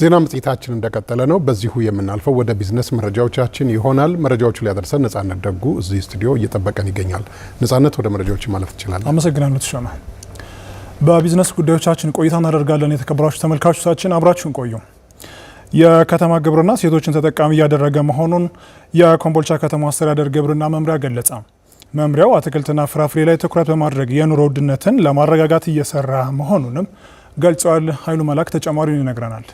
ዜና መጽሔታችን እንደቀጠለ ነው። በዚሁ የምናልፈው ወደ ቢዝነስ መረጃዎቻችን ይሆናል። መረጃዎቹ ሊያደርሰን ነጻነት ደጉ እዚህ ስቱዲዮ እየጠበቀን ይገኛል። ነጻነት፣ ወደ መረጃዎች ማለፍ ትችላለን። አመሰግናለሁ ተሾመ። በቢዝነስ ጉዳዮቻችን ቆይታ እናደርጋለን። የተከበራችሁ ተመልካቾቻችን አብራችሁን ቆዩ። የከተማ ግብርና ሴቶችን ተጠቃሚ እያደረገ መሆኑን የኮምቦልቻ ከተማ አስተዳደር ግብርና መምሪያ ገለጸ። መምሪያው አትክልትና ፍራፍሬ ላይ ትኩረት በማድረግ የኑሮ ውድነትን ለማረጋጋት እየሰራ መሆኑንም ገልጸዋል። ኃይሉ መላክ ተጨማሪውን ይነግረናል።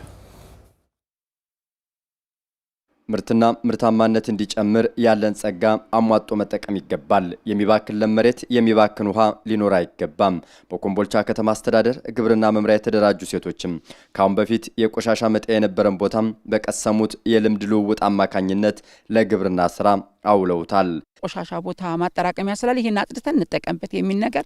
ምርትና ምርታማነት እንዲጨምር ያለን ጸጋ አሟጦ መጠቀም ይገባል። የሚባክን መሬት፣ የሚባክን ውሃ ሊኖር አይገባም። በኮምቦልቻ ከተማ አስተዳደር ግብርና መምሪያ የተደራጁ ሴቶችም ከአሁን በፊት የቆሻሻ መጣያ የነበረን ቦታም በቀሰሙት የልምድ ልውውጥ አማካኝነት ለግብርና ስራ አውለውታል። ቆሻሻ ቦታ ማጠራቀሚያ ስላለ ይሄን አጽድተን እንጠቀምበት የሚል ነገር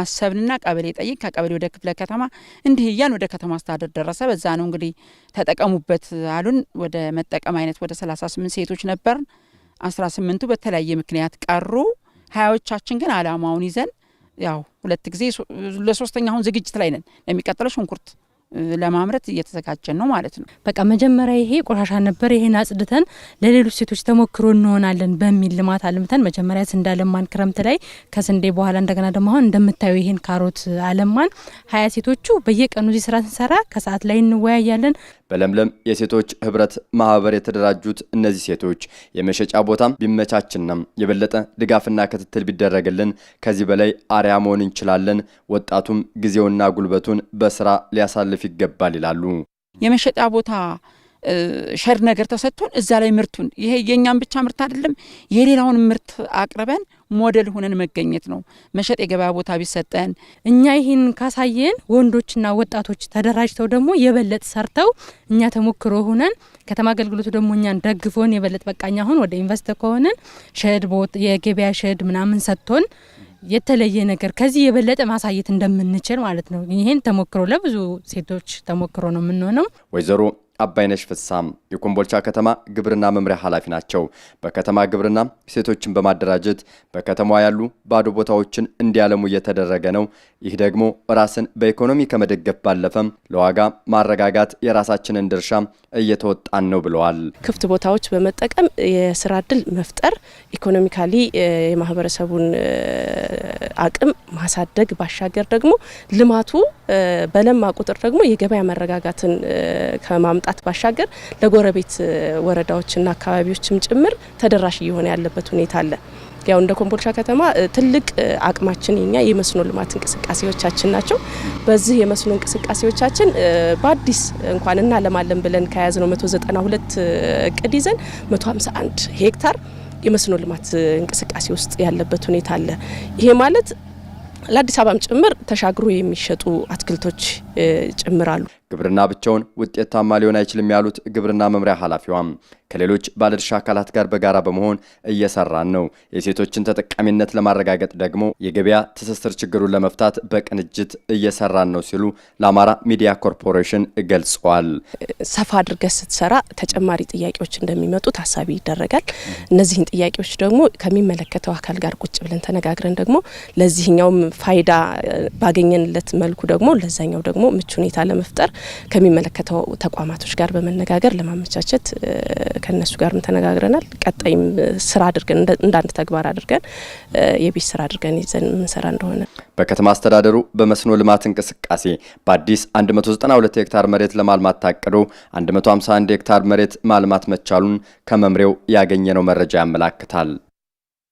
አሰብንና ቀበሌ ጠይቅ ከቀበሌ ወደ ክፍለ ከተማ እንዲህ እያን ወደ ከተማ አስተዳደር ደረሰ። በዛ ነው እንግዲህ ተጠቀሙበት አሉን። ወደ መጠቀም አይነት ወደ 38 ሴቶች ነበርን። 18ቱ በተለያየ ምክንያት ቀሩ። ሀያዎቻችን ግን አላማውን ይዘን ያው ሁለት ጊዜ ለሶስተኛ አሁን ዝግጅት ላይ ነን። ለሚቀጥለው ሽንኩርት ለማምረት እየተዘጋጀን ነው ማለት ነው። በቃ መጀመሪያ ይሄ ቆሻሻ ነበር፣ ይሄን አጽድተን ለሌሎች ሴቶች ተሞክሮ እንሆናለን በሚል ልማት አልምተን መጀመሪያ ስንዴ አለማን ክረምት ላይ። ከስንዴ በኋላ እንደገና ደግሞ አሁን እንደምታዩ ይሄን ካሮት አለማን። ሀያ ሴቶቹ በየቀኑ እዚህ ስራ ስንሰራ ከሰዓት ላይ እንወያያለን። በለምለም የሴቶች ህብረት ማህበር የተደራጁት እነዚህ ሴቶች የመሸጫ ቦታም ቢመቻችንም የበለጠ ድጋፍና ክትትል ቢደረግልን ከዚህ በላይ አርያ መሆን እንችላለን። ወጣቱም ጊዜውና ጉልበቱን በስራ ሊያሳልፍ ይገባል ይላሉ። የመሸጫ ቦታ ሸር ነገር ተሰጥቶን እዛ ላይ ምርቱን ይሄ የእኛም ብቻ ምርት አይደለም፣ የሌላውን ምርት አቅርበን ሞዴል ሆነን መገኘት ነው። መሸጥ የገበያ ቦታ ቢሰጠን እኛ ይህን ካሳየን ወንዶችና ወጣቶች ተደራጅተው ደግሞ የበለጥ ሰርተው እኛ ተሞክሮ ሆነን ከተማ አገልግሎቱ ደግሞ እኛን ደግፎን የበለጥ በቃኛ ሆን ወደ ኢንቨስት ከሆነን ሸድ ቦት የገበያ ሸድ ምናምን ሰጥቶን የተለየ ነገር ከዚህ የበለጠ ማሳየት እንደምንችል ማለት ነው። ይህን ተሞክሮ ለብዙ ሴቶች ተሞክሮ ነው የምንሆነው ወይዘሮ አባይነሽ ፍሳም የኮምቦልቻ ከተማ ግብርና መምሪያ ኃላፊ ናቸው። በከተማ ግብርና ሴቶችን በማደራጀት በከተማዋ ያሉ ባዶ ቦታዎችን እንዲያለሙ እየተደረገ ነው። ይህ ደግሞ ራስን በኢኮኖሚ ከመደገፍ ባለፈም ለዋጋ ማረጋጋት የራሳችንን ድርሻ እየተወጣን ነው ብለዋል። ክፍት ቦታዎች በመጠቀም የስራ እድል መፍጠር፣ ኢኮኖሚካሊ የማህበረሰቡን አቅም ማሳደግ ባሻገር ደግሞ ልማቱ በለማ ቁጥር ደግሞ የገበያ መረጋጋትን ከማምጣት ባሻገር ለጎረቤት ወረዳዎችና አካባቢዎችም ጭምር ተደራሽ እየሆነ ያለበት ሁኔታ አለ። ያው እንደ ኮምቦልቻ ከተማ ትልቅ አቅማችን የኛ የመስኖ ልማት እንቅስቃሴዎቻችን ናቸው። በዚህ የመስኖ እንቅስቃሴዎቻችን በአዲስ እንኳን እናለማለን ብለን ከያዝነው 192 እቅድ ይዘን 151 ሄክታር የመስኖ ልማት እንቅስቃሴ ውስጥ ያለበት ሁኔታ አለ። ይሄ ማለት ለአዲስ አበባም ጭምር ተሻግሮ የሚሸጡ አትክልቶች ጭምር አሉ። ግብርና ብቻውን ውጤታማ ሊሆን አይችልም ያሉት ግብርና መምሪያ ኃላፊዋም ከሌሎች ባለድርሻ አካላት ጋር በጋራ በመሆን እየሰራን ነው። የሴቶችን ተጠቃሚነት ለማረጋገጥ ደግሞ የገበያ ትስስር ችግሩን ለመፍታት በቅንጅት እየሰራን ነው ሲሉ ለአማራ ሚዲያ ኮርፖሬሽን ገልጸዋል። ሰፋ አድርገህ ስትሰራ ተጨማሪ ጥያቄዎች እንደሚመጡ ታሳቢ ይደረጋል። እነዚህን ጥያቄዎች ደግሞ ከሚመለከተው አካል ጋር ቁጭ ብለን ተነጋግረን ደግሞ ለዚህኛውም ፋይዳ ባገኘንለት መልኩ ደግሞ ለዛኛው ደግሞ ምቹ ሁኔታ ለመፍጠር ከሚመለከተው ተቋማቶች ጋር በመነጋገር ለማመቻቸት ከነሱ ጋርም ተነጋግረናል። ቀጣይም ስራ አድርገን እንዳንድ ተግባር አድርገን የቤት ስራ አድርገን ይዘን የምንሰራ እንደሆነ በከተማ አስተዳደሩ በመስኖ ልማት እንቅስቃሴ በአዲስ 192 ሄክታር መሬት ለማልማት ታቅዶ 151 ሄክታር መሬት ማልማት መቻሉን ከመምሬው ያገኘነው መረጃ ያመላክታል።